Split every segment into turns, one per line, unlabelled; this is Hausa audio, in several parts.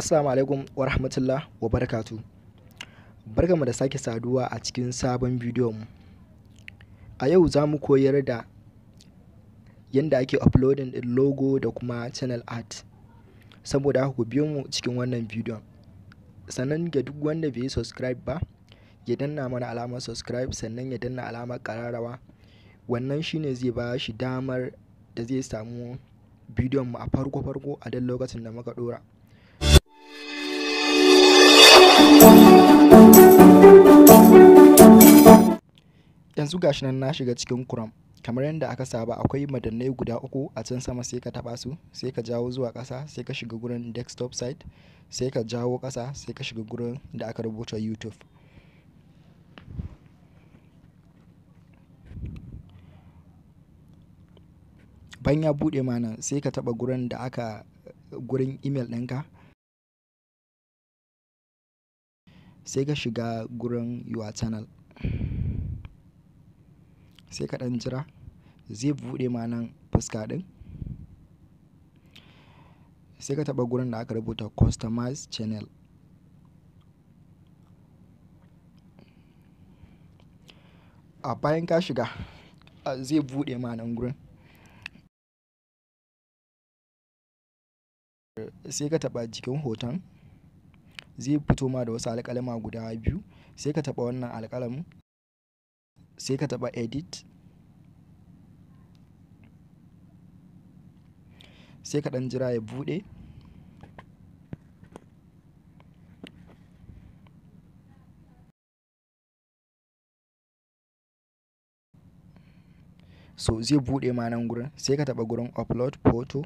Assalamu alaikum wa rahmatullah wa barakatu. mu da sake saduwa a cikin sabon bidiyon mu. A yau za mu koyar da yadda ake uploading ɗin logo da kuma channel art. Saboda ku biyo mu cikin wannan bidiyon. Sannan ga duk wanda bai yi subscribe ba, ya danna mana alamar subscribe sannan ya danna alamar kararawa Wannan shine zai ba shi damar da zai samu bidiyon mu a farko-farko a dan lokacin da muka dora. yanzu gashi nan na shiga cikin kuram kamar yadda aka saba akwai madannai guda uku a can sama sai ka taba su sai ka jawo zuwa ƙasa sai ka shiga gurin desktop site sai ka jawo ƙasa sai ka shiga gurin da aka rubuta youtube bayan ya buɗe mana sai ka taɓa gurin da aka gurin email ɗinka sai ka shiga gurin your channel sai ka ɗan jira zai buɗe ma nan fuska ɗin sai ka taɓa gurin da aka rubuta customize channel a bayan ka shiga zai buɗe ma nan gurin sai ka taɓa jikin hoton zai fito ma da wasu alƙalama guda biyu sai ka taɓa wannan alƙalamin sai ka taba edit sai ka dan jira ya bude so zai bude ma nan gurin sai ka taba gurin upload photo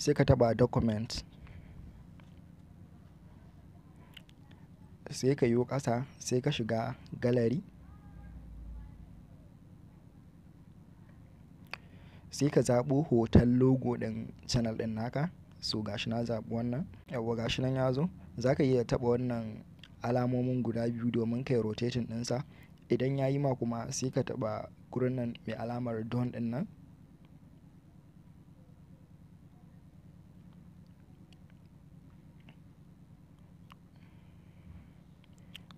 sai ka taba document sai ka yi ƙasa sai ka shiga gallery sai ka zaɓo hoton logo ɗin channel ɗin naka so gashi na zaɓi wannan yawwa gashi nan ya zo za ka iya taɓa wannan alamomin guda biyu domin kai rotating ɗinsa idan ya yi ma kuma sai ka taɓa gurin nan mai alamar don ɗin nan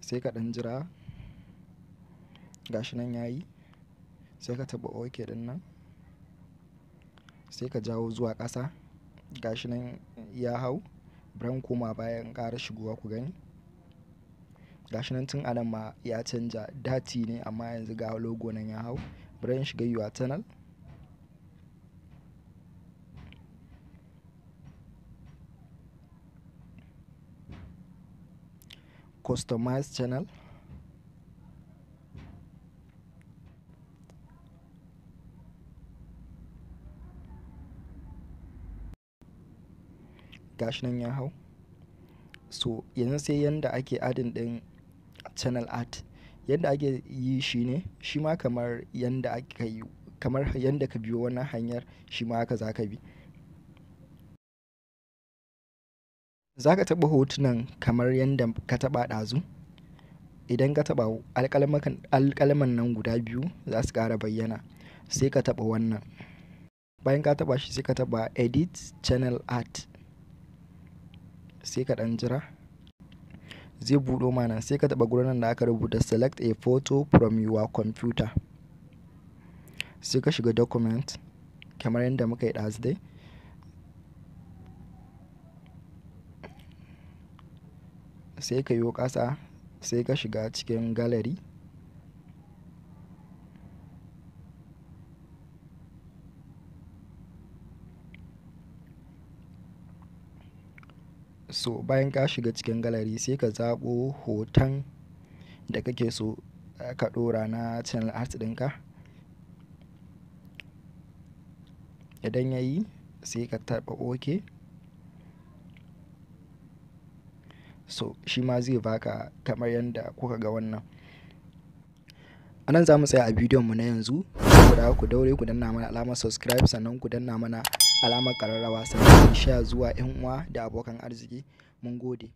sai ka ɗan jira gashi nan ya yi sai ka taɓa ok ɗin nan sai ka jawo zuwa ƙasa gashi nan ya hau bari koma bayan ƙara shigowa ku gani gashi nan tun anan ma ya canja dati ne amma yanzu ga logo nan ya hau bari shiga yiwa tunnel customize channel gashi nan ya hau so yanzu sai yanda ake adin ɗin channel art yadda ake yi shi ne shi ma kamar yadda aka yi kamar yadda ka biyo wannan hanyar shi ma haka za ka bi za ka taɓa hotunan kamar yadda ka taɓa ɗazu idan ka taɓa alƙalaman nan guda biyu za su ƙara bayyana sai ka taɓa wannan bayan ka taɓa shi sai ka taɓa edit channel art sai ka dan jira zai buɗo mana sai ka taɓa gurin da aka rubuta select a photo from your computer sai ka shiga document kamar yadda muka yi ɗazu dai sai ka yi ƙasa sai ka shiga cikin gallery so bayan ka shiga cikin galari sai ka zaɓo hoton da kake so eh, ka ɗora na channel art ɗinka idan ya yi sai ka taɓa ok so shi ma zai baka kamar yadda kuka ga wannan a nan za mu tsaya a bidiyon mu na yanzu saboda ku daure ku danna mana alamar subscribe sannan ku danna mana alamar ƙararrawa sai sha zuwa 'yan uwa da abokan arziki mun gode